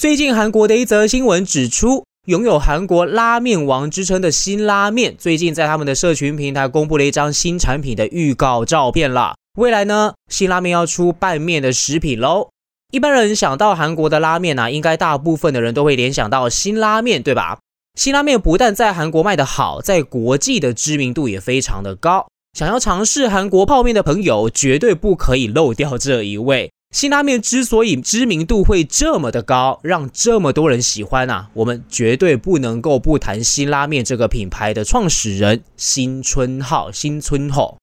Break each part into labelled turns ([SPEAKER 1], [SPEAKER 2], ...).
[SPEAKER 1] 最近韓國的一則新聞指出，擁有韓國拉麵王之稱的辛拉麵，最近在他們的社群平台公布了一張新產品的預告照片啦。未來呢，辛拉麵要出拌麵的食品嘍。一般人想到韓國的拉麵啊，應該大部分的人都會聯想到辛拉麵，對吧？辛拉麵不但在韓國賣得好，在國際的知名度也非常的高。想要嘗試韓國泡麵的朋友，絕對不可以漏掉這一位。新拉麵之所以知名度會這麼的高，讓這麼多人喜歡啊，我們絕對不能夠不談新拉麵這個品牌的創始人新春浩。新春浩，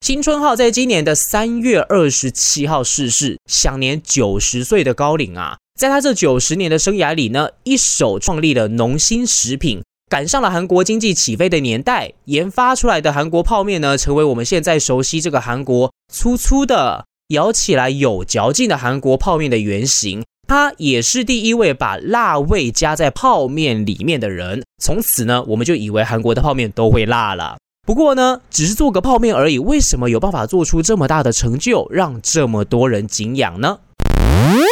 [SPEAKER 1] 新春浩在今年的三月二十七號逝世，享年九十歲的高齡啊。在他這九十年的生涯裡呢，一手創立了農心食品，趕上了韓國經濟起飛的年代，研發出來的韓國泡麵呢，成為我們現在熟悉這個韓國粗粗的。咬起來有嚼勁的韓國泡面的原型，他也是第一位把辣味加在泡麵裡面的人。從此呢，我們就以為韓國的泡面都會辣了。不過呢，只是做個泡面而已，為什麼有辦法做出這麼大的成就，讓這麼多人景仰呢？嗯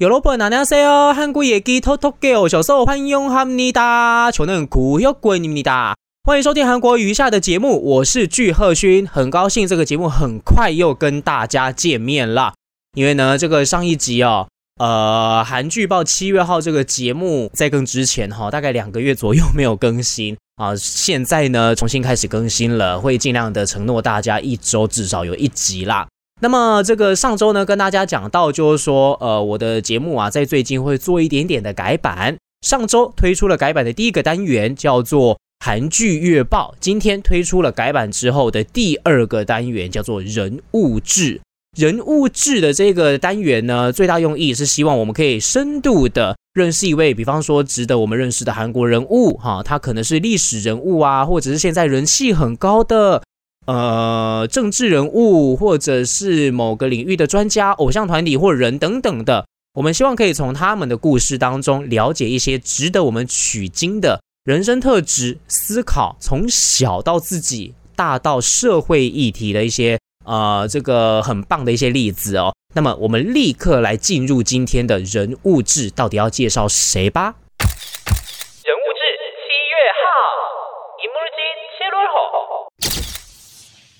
[SPEAKER 1] 有老婆哪樣說哦？韓國野雞偷偷給哦，小時候歡迎喊你噠，就能忽悠鬼你咪噠！歡迎收聽韓國語一下的節目，我是具赫勳，很高興這個節目很快又跟大家見面啦。因為呢，這個上一集哦，呃，韓劇報七月號這個節目在更之前哈、哦，大概兩個月左右沒有更新啊，現在呢重新開始更新了，會盡量的承諾大家一周至少有一集啦。那麼這個上周呢，跟大家講到，就是說，呃，我的節目啊，在最近會做一點點的改版。上周推出了改版的第一個單元，叫做韓劇月報。今天推出了改版之後的第二個單元，叫做人物志。人物志的這個單元呢，最大用意是希望我們可以深度的認識一位，比方說值得我們認識的韓國人物，哈，他可能是歷史人物啊，或者是現在人氣很高的。呃，政治人物，或者是某個領域的專家、偶像團體或人等等的，我們希望可以從他們的故事當中了解一些值得我們取經的人生特質、思考，從小到自己，大到社會議題的一些呃，這個很棒的一些例子哦。那麼，我們立刻來進入今天的人物志，到底要介紹誰吧？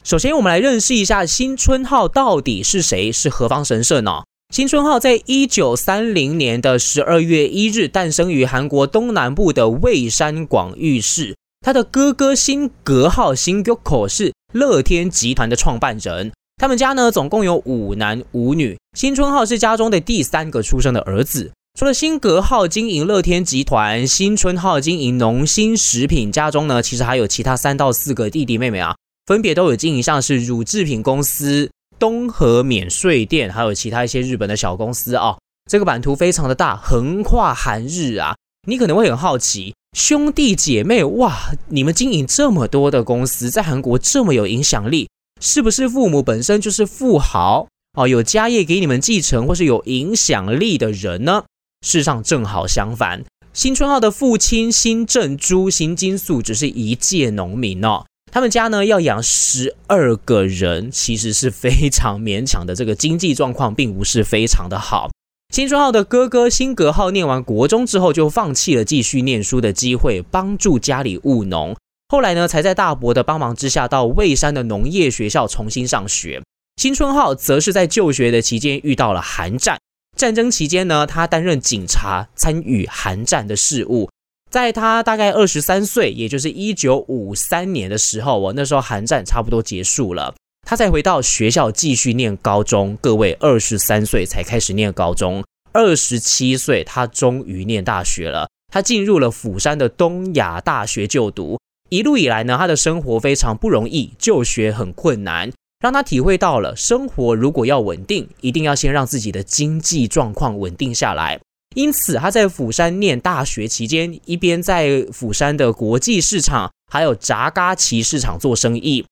[SPEAKER 1] 首先，我們來認識一下辛春浩到底是誰，是何方神聖呢、哦？辛春浩在一九三零年的十二月一日誕生於韓國東南部的蔚山廣域市。他的哥哥辛格浩，辛格浩是樂天集團的創辦人。他們家呢，總共有五男五女。辛春浩是家中的第三個出生的兒子。除了辛格浩經營樂天集團，辛春浩經營農心食品。家中呢，其實還有其他三到四個弟弟妹妹啊。分別都有經營，像是乳製品公司、東和免稅店，還有其他一些日本的小公司啊、哦。這個版圖非常的大，橫跨韓日啊。你可能會很好奇，兄弟姐妹哇，你們經營這麼多的公司，在韓國這麼有影響力，是不是父母本身就是富豪哦，有家業給你們繼承，或是有影響力的人呢？事實上正好相反，辛春浩的父親辛正洙、辛金素只是一介農民哦。他們家呢要養十二個人，其實是非常勉強的，這個經濟狀況並不是非常的好。辛春浩的哥哥辛格浩念完國中之後，就放棄了繼續念書的機會，幫助家裡務農。後來呢，才在大伯的幫忙之下，到蔚山的農業學校重新上學。辛春浩則是在就學的期間遇到了韓戰。戰爭期間呢，他擔任警察，參與韓戰的事務。在他大概二十三歲，也就是一九五三年的時候，我那時候韓戰差不多結束了，他才回到學校繼續念高中。各位，二十三歲才開始念高中，二十七歲他終於念大學了。他進入了釜山的東亞大學就讀。一路以來呢，他的生活非常不容易，就學很困難，讓他體會到了生活如果要穩定，一定要先讓自己的經濟狀況穩定下來。因此，他在釜山念大學期間，一邊在釜山的國際市場，還有札嘎其市場做生意。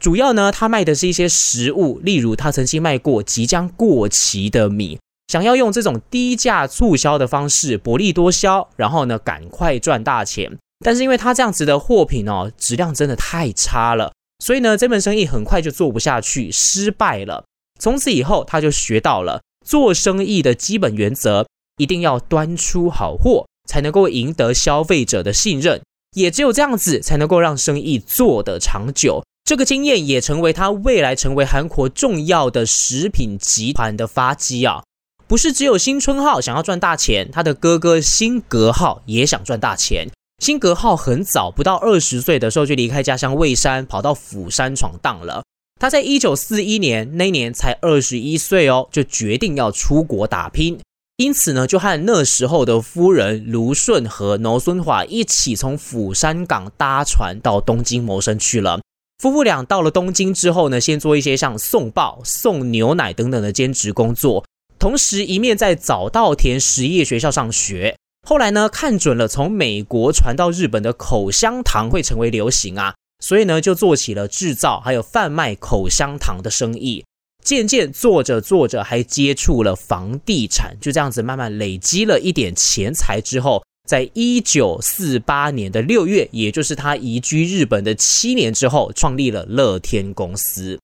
[SPEAKER 1] 主要呢，他賣的是一些食物，例如他曾經賣過即將過期的米，想要用這種低價促銷的方式薄利多銷，然後呢，趕快賺大錢。但是，因為他這樣子的貨品哦，質量真的太差了，所以呢，這門生意很快就做不下去，失敗了。從此以後，他就學到了做生意的基本原則。一定要端出好貨，才能夠贏得消費者的信任。也只有這樣子，才能夠讓生意做得長久。這個經驗也成為他未來成為韓國重要的食品集團的發跡啊！不是只有辛春浩想要賺大錢，他的哥哥辛格浩也想賺大錢。辛格浩很早，不到二十歲的時候就離開家鄉蔚山，跑到釜山闖蕩了。他在一九四一年那年才二十一歲哦，就決定要出國打拼。因此呢，就和那時候的夫人盧順和農孫華一起從釜山港搭船到東京謀生去了。夫婦倆到了東京之後呢，先做一些像送報、送牛奶等等的兼職工作，同時一面在早稻田實業學校上學。後來呢，看準了從美國傳到日本的口香糖會成為流行啊，所以呢，就做起了製造還有販賣口香糖的生意。漸漸做着做着，還接觸了房地產，就這樣子慢慢累積了一點錢財之後，在一九四八年的六月，也就是他移居日本的七年之後，創立了樂天公司。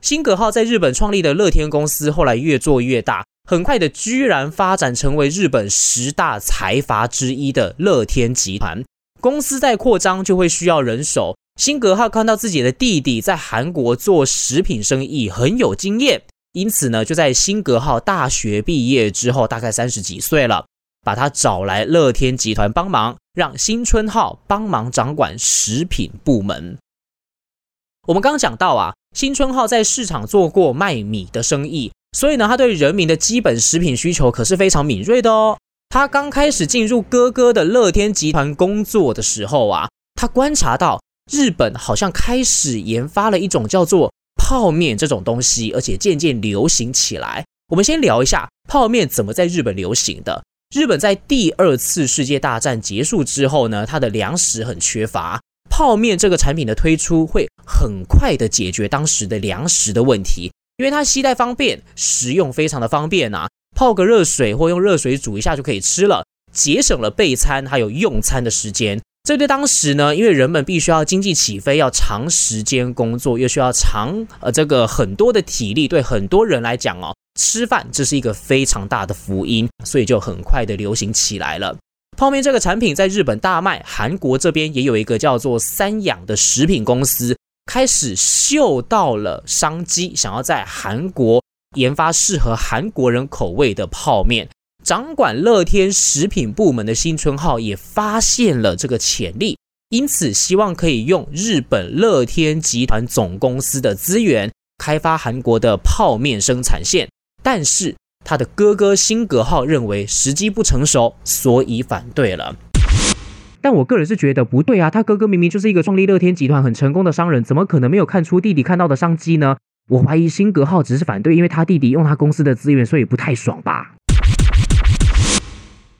[SPEAKER 1] 辛格浩在日本創立的樂天公司，後來越做越大，很快的居然發展成為日本十大財閥之一的樂天集團。公司在擴張就會需要人手。辛格浩看到自己的弟弟在韓國做食品生意很有經驗，因此呢，就在辛格浩大學畢業之後，大概三十幾歲了，把他找來樂天集團幫忙，讓辛春浩幫忙掌管食品部門。我們剛，剛講到啊，辛春浩在市場做過賣米的生意，所以呢，他對人民的基本食品需求可是非常敏銳的哦。他剛開始進入哥哥的樂天集團工作的時候啊，他觀察到。日本好像開始研發了一種叫做泡面這種東西，而且漸漸流行起來。我們先聊一下泡面怎麼在日本流行的。日本在第二次世界大戰結束之後呢，它的糧食很缺乏，泡面這個產品的推出會很快的解決當時的糧食的問題，因為它攜帶方便，食用非常的方便啊，泡個熱水或用熱水煮一下就可以吃了，節省了備餐還有用餐的時間。這對當時呢，因為人們必須要經濟起飛，要長時間工作，又需要長，呃，這個很多的體力，對很多人來講哦，吃飯這是一個非常大的福音，所以就很快的流行起來了。泡面這個產品在日本大賣，韓國這邊也有一個叫做三養的食品公司，開始嗅到了商機，想要在韓國研發適合韓國人口味的泡面。掌管樂天食品部門的辛春浩也發現了這個潛力，因此希望可以用日本樂天集團總公司的資源開發韓國的泡麵生產線。但是他的哥哥辛格浩認為時機不成熟，所以反對了。但我個人是覺得不對啊，他哥哥明明就是一個創立樂天集團很成功的商人，怎麼可能沒有看出弟弟看到的商機呢？我懷疑辛格浩只是反對，因為他弟弟用他公司的資源，所以不太爽吧。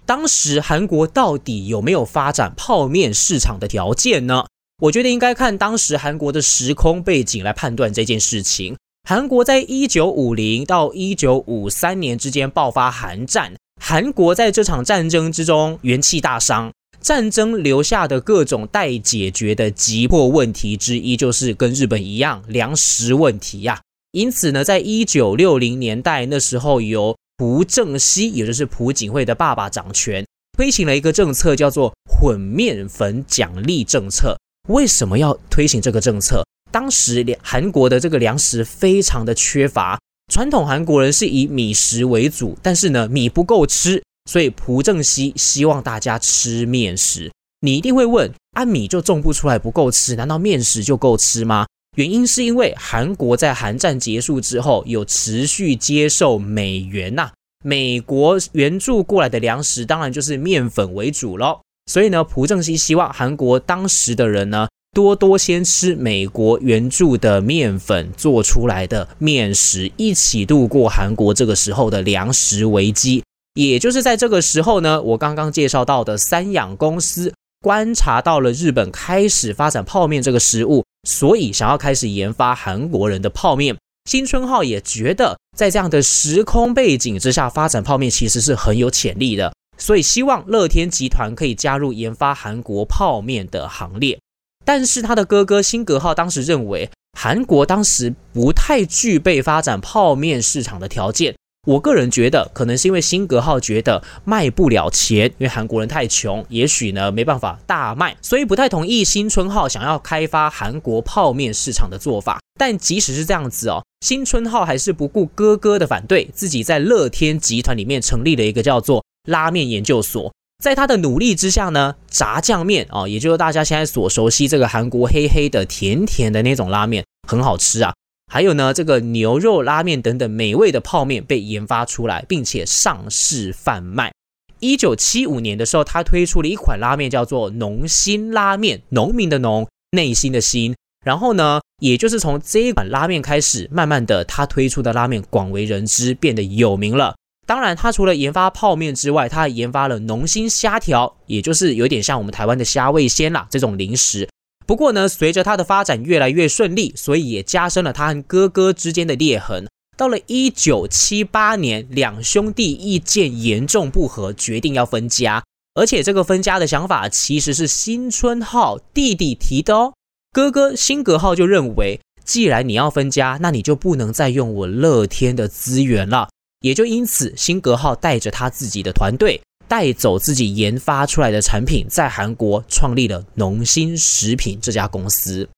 [SPEAKER 1] 當時韓國到底有沒有發展泡面市場的條件呢？我覺得應該看當時韓國的時空背景來判斷這件事情。韓國在一九五零到一九五三年之間爆發韓戰，韓國在這場戰爭之中元氣大傷，戰爭留下的各種待解決的急迫問題之一就是跟日本一樣糧食問題呀啊。因此呢，在一九六零年代那時候有。朴正熙，也就是朴槿惠的爸爸掌權，推行了一個政策，叫做混麵粉獎勵政策。為什麼要推行這個政策？當時韓國的這個糧食非常的缺乏，傳統韓國人是以米食為主，但是呢，米不夠吃，所以朴正熙希，希望大家吃麵食。你一定會問，按、啊、米就種不出來，不夠吃，難道麵食就夠吃嗎？原因是因為韓國在韓戰結束之後有持續接受美元吶、啊，美國援助過來的糧食當然就是麵粉為主咯。所以呢，朴正熙希,希望韓國當時的人呢多多先吃美國援助的麵粉做出來的麵食，一起度過韓國這個時候的糧食危機。也就是在這個時候呢，我剛剛介紹到的三養公司觀察到了日本開始發展泡麵這個食物。所以想要開始研發韓國人的泡麵，辛春浩也覺得在這樣的時空背景之下發展泡麵其實是很有潛力的，所以希望樂天集團可以加入研發韓國泡麵的行列。但是他的哥哥辛格浩當時認為韓國當時不太具備發展泡麵市場的條件。我個人覺得，可能是因為辛格浩覺得賣不了錢，因為韓國人太窮，也許呢沒辦法大賣，所以不太同意辛春浩想要開發韓國泡麵市場的做法。但即使是這樣子哦，辛春浩還是不顧哥哥的反對，自己在樂天集團裡面成立了一個叫做拉麵研究所。在他的努力之下呢，炸醬麵啊，也就是大家現在所熟悉這個韓國黑黑的、甜甜的那種拉麵，很好吃啊。還有呢，這個牛肉拉面等等美味的泡面被研發出來，並且上市販賣。一九七五年的時候，他推出了一款拉麵，叫做“農心拉面”，農民的農，內心的心。然後呢，也就是從這一款拉面開始，慢慢的他推出的拉面廣為人知，變得有名了。當然，他除了研發泡面之外，他還研發了農心蝦條，也就是有點像我們台灣的蝦味先啦這種零食。不過呢，隨着他的發展越來越順利，所以也加深了他和哥哥之間的裂痕。到了一九七八年，兩兄弟意見嚴重不合，決定要分家。而且這個分家的想法其實是辛春浩弟弟提的哦。哥哥辛格浩就認為，既然你要分家，那你就不能再用我樂天的資源了。也就因此，辛格浩帶着他自己的團隊。帶走自己研發出來的產品，在韓國創立了農心食品這家公司。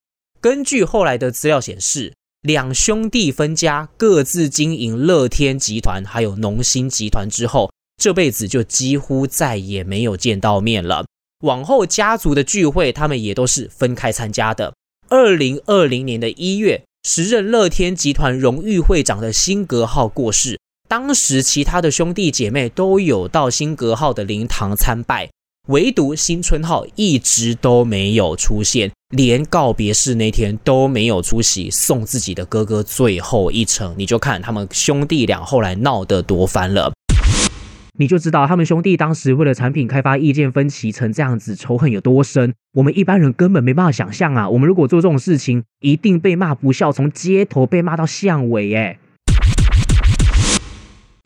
[SPEAKER 1] 根據後來的資料顯示，兩兄弟分家，各自經營樂天集團還有農心集團之後，這輩子就幾乎再也沒有見到面了。往後家族的聚會，他們也都是分開參加的。二零二零年的一月，時任樂天集團榮譽會長的辛格浩過世。當時其他的兄弟姐妹都有到辛格浩的靈堂參拜，唯獨辛春浩一直都沒有出現，連告別式那天都沒有出席，送自己的哥哥最後一程。你就看他們兄弟倆後來鬧得多翻了，你就知道他們兄弟當時為了產品開發意見分歧成這樣子，仇恨有多深。我們一般人根本沒辦法想象啊！我們如果做這種事情，一定被罵不孝，從街頭被罵到巷尾，哎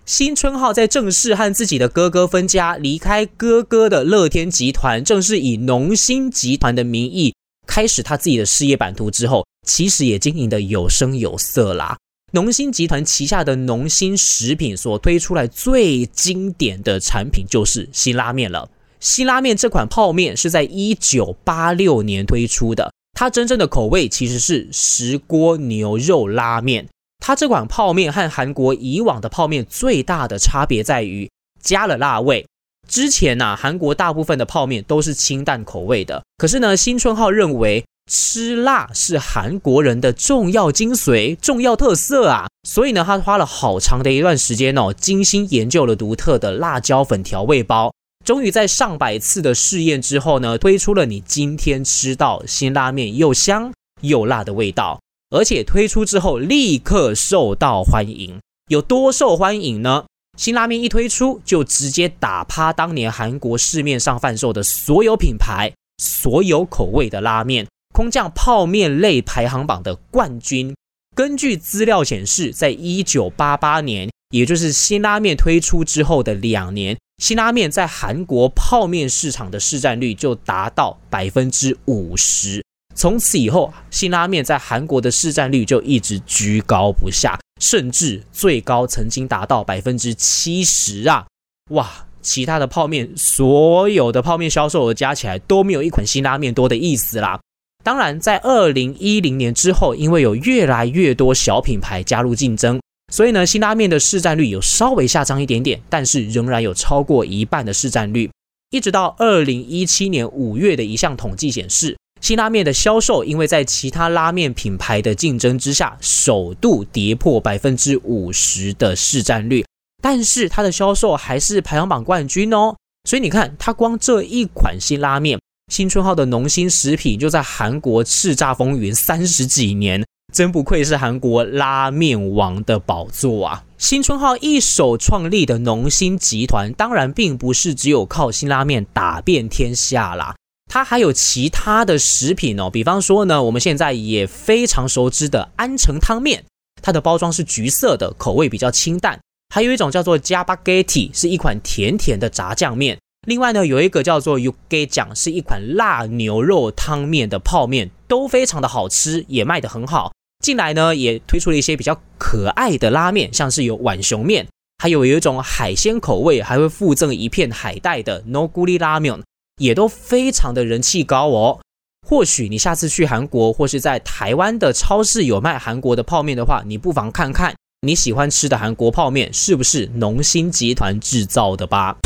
[SPEAKER 1] 新春號在正式和自己的哥哥分家，離開哥哥的樂天集團，正式以農心集團的名義開始他自己的事業版圖之後，其實也經營得有聲有色啦。農心集團旗下的農心食品所推出來最經典的產品就是辛拉麵了。辛拉麵這款泡麵是在一九八六年推出的，它真正的口味其實是石鍋牛肉拉麵。他這款泡面和韓國以往的泡面最大的差別在於加了辣味。之前啊，韓國大部分的泡面都是清淡口味的。可是呢，辛春浩認為吃辣是韓國人的重要精髓、重要特色啊。所以呢，他花了好長的一段時間哦，精心研究了獨特的辣椒粉調味包，終於在上百次的試驗之後呢，推出了你今天吃到辛拉面又香又辣的味道。而且推出之後立刻受到歡迎，有多受歡迎呢？辛拉麵一推出，就直接打趴當年韓國市面上販售的所有品牌、所有口味的拉麵，空降泡面類排行榜的冠軍。根據資料顯示，在一九八八年，也就是辛拉麵推出之後的兩年，辛拉麵在韓國泡面市場的市占率就達到百分之五十。從此以後，辛拉麵在韓國的市占率就一直居高不下，甚至最高曾經達到百分之七十啊！哇，其他的泡麵，所有的泡面銷售額加起來都沒有一款辛拉麵多的意思啦。當然，在二零一零年之後，因為有越來越多小品牌加入競爭，所以呢，辛拉麵的市占率有稍微下降一點點，但是仍然有超過一半的市占率。一直到二零一七年五月的一項統計顯示。辛拉麵的銷售，因為在其他拉麵品牌的競爭之下，首度跌破百分之五十的市占率，但是它的銷售還是排行榜冠軍哦。所以你看，它光這一款辛拉麵，辛春浩的農心食品就在韓國叱咤風雲三十幾年，真不愧是韓國拉麵王的寶座啊！辛春浩一手創立的農心集團，當然並不是只有靠辛拉麵打遍天下啦。它還有其他的食品哦，比方說呢，我們現在也非常熟知的安城湯麵，它的包裝是橘色的，口味比較清淡。還有一種叫做加巴蓋提，是一款甜甜的炸醬麵。另外呢，有一個叫做尤蓋醬，是一款辣牛肉湯麵的泡麵，都非常的好吃，也賣得很好。近來呢，也推出了一些比較可愛的拉麵，像是有浣熊麵，還有有一種海鮮口味，還會附贈一片海帶的 Noguri 拉麵。也都非常的人氣高哦。或許你下次去韓國，或是在台灣的超市有賣韓國的泡面的話，你不妨看看你喜歡吃的韓國泡麵是不是農心集團製造的吧？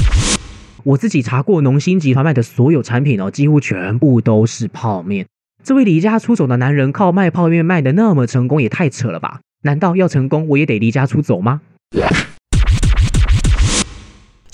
[SPEAKER 1] 我自己查過農心集團賣的所有產品哦，幾乎全部都是泡面。這位離家出走的男人靠賣泡面賣得那麼成功，也太扯了吧？難道要成功我也得離家出走嗎？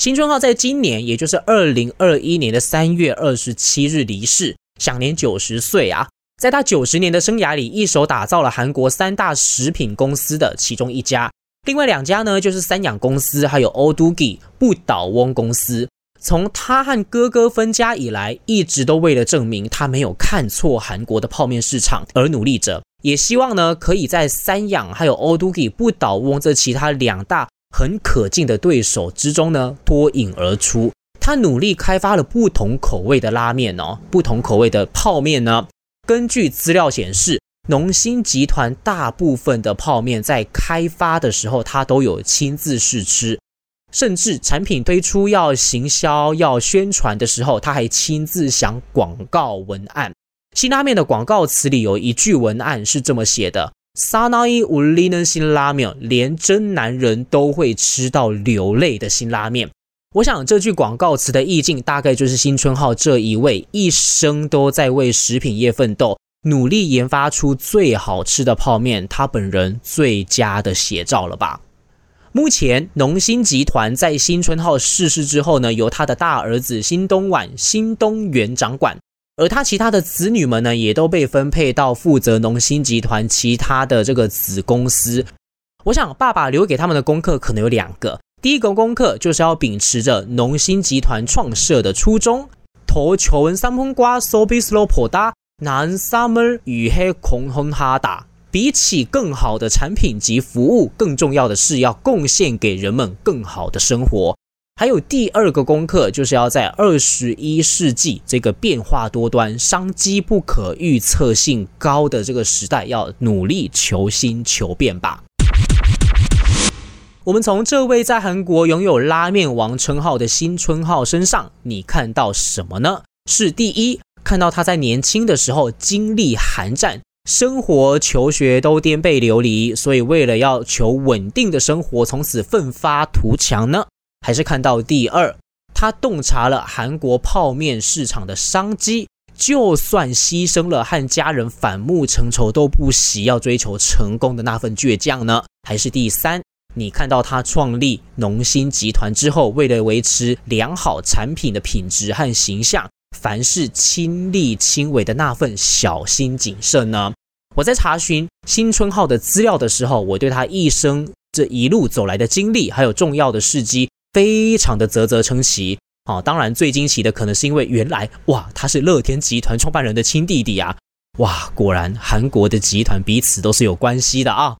[SPEAKER 1] 辛春浩在今年，也就是二零二一年的三月二十七日離世，享年九十歲啊。在他九十年的生涯裡，一手打造了韓國三大食品公司的其中一家，另外兩家呢就是三養公司，還有歐杜基不倒翁公司。從他和哥哥分家以來，一直都為了證明他沒有看錯韓國的泡面市場而努力着，也希望呢可以在三養還有歐杜基不倒翁這其他兩大。很可敬的對手之中呢脫穎而出，他努力開發了不同口味的拉麵哦，不同口味的泡麵呢。根據資料顯示，農心集團大部分的泡麵在開發的時候，他都有親自試吃，甚至產品推出要行銷要宣傳的時候，他還親自想廣告文案。辛拉麵的廣告詞裡有一句文案是這麼寫的。撒那伊烏里嫩辛拉麵，連真男人都會吃到流淚的辛拉麵。我想這句廣告詞的意境，大概就是辛春浩這一位一生都在為食品業奮鬥，努力研發出最好吃的泡麵，他本人最佳的寫照了吧？目前農心集團在辛春浩逝世之後呢，由他的大兒子辛東晚辛東原掌管。而他其他的子女們呢，也都被分配到負責農心集團其他的這個子公司。我想，爸爸留給他們的功課可能有兩個。第一個功課就是要秉持着農心集團創設的初衷，投三瓜南 summer 雨黑哈比起更好的產品及服務，更重要的是要貢獻給人們更好的生活。還有第二個功課，就是要在二十一世紀這個變化多端、商機不可預測性高的這個時代，要努力求新求變吧。 我們從這位在韓國擁有拉面王稱號的辛春浩身上，你看到什麼呢？是第一，看到他在年輕的時候經歷韓戰，生活求學都顛沛流離，所以為了要求穩定的生活，從此奮發圖強呢。還是看到第二，他洞察了韓國泡面市場的商機，就算犧牲了和家人反目成仇都不惜要追求成功的那份倔強呢？還是第三，你看到他創立農心集團之後，為了維持良好產品的品質和形象，凡事親力親為的那份小心謹慎呢？我在查詢辛春浩的資料的時候，我對他一生這一路走來的經歷還有重要的事跡。非常的嘖嘖稱奇啊、哦！當然，最驚奇的可能是因為原來哇，他是樂天集團創辦人的親弟弟啊！哇，果然韓國的集團彼此都是有關係的啊！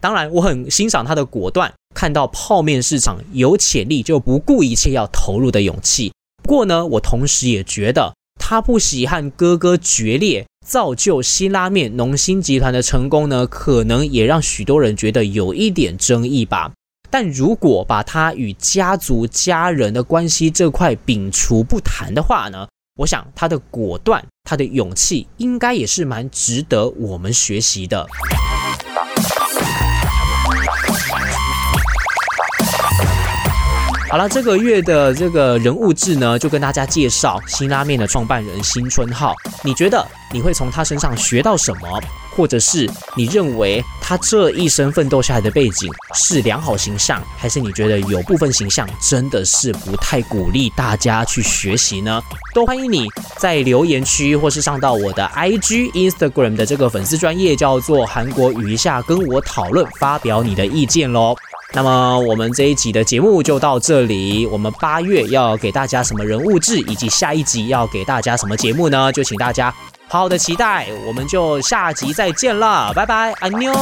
[SPEAKER 1] 當然，我很欣賞他的果斷，看到泡面市場有潛力就不顧一切要投入的勇氣。不過呢，我同時也覺得他不惜和哥哥決裂，造就辛拉麵農心集團的成功呢，可能也讓許多人覺得有一點爭議吧。但如果把他與家族家人的關係這塊摒除不談的話呢，我想他的果斷，他的勇氣，應該也是蠻值得我們學習的。好了，這個月的這個人物志呢，就跟大家介紹辛拉麵的創辦人辛春浩。你覺得你會從他身上學到什麼？或者是你認為他這一生奮鬥下來的背景是良好形象，還是你覺得有部分形象真的是不太鼓勵大家去學習呢？都歡迎你在留言區，或是上到我的 IG Instagram 的這個粉絲專頁叫做韓國語一下，跟我討論，發表你的意見嘍。那麼我們這一集的節目就到這裡，我們八月要給大家什麼人物志，以及下一集要給大家什麼節目呢？就請大家。好，好的，期待，我們就下集再見了，拜拜，安妞。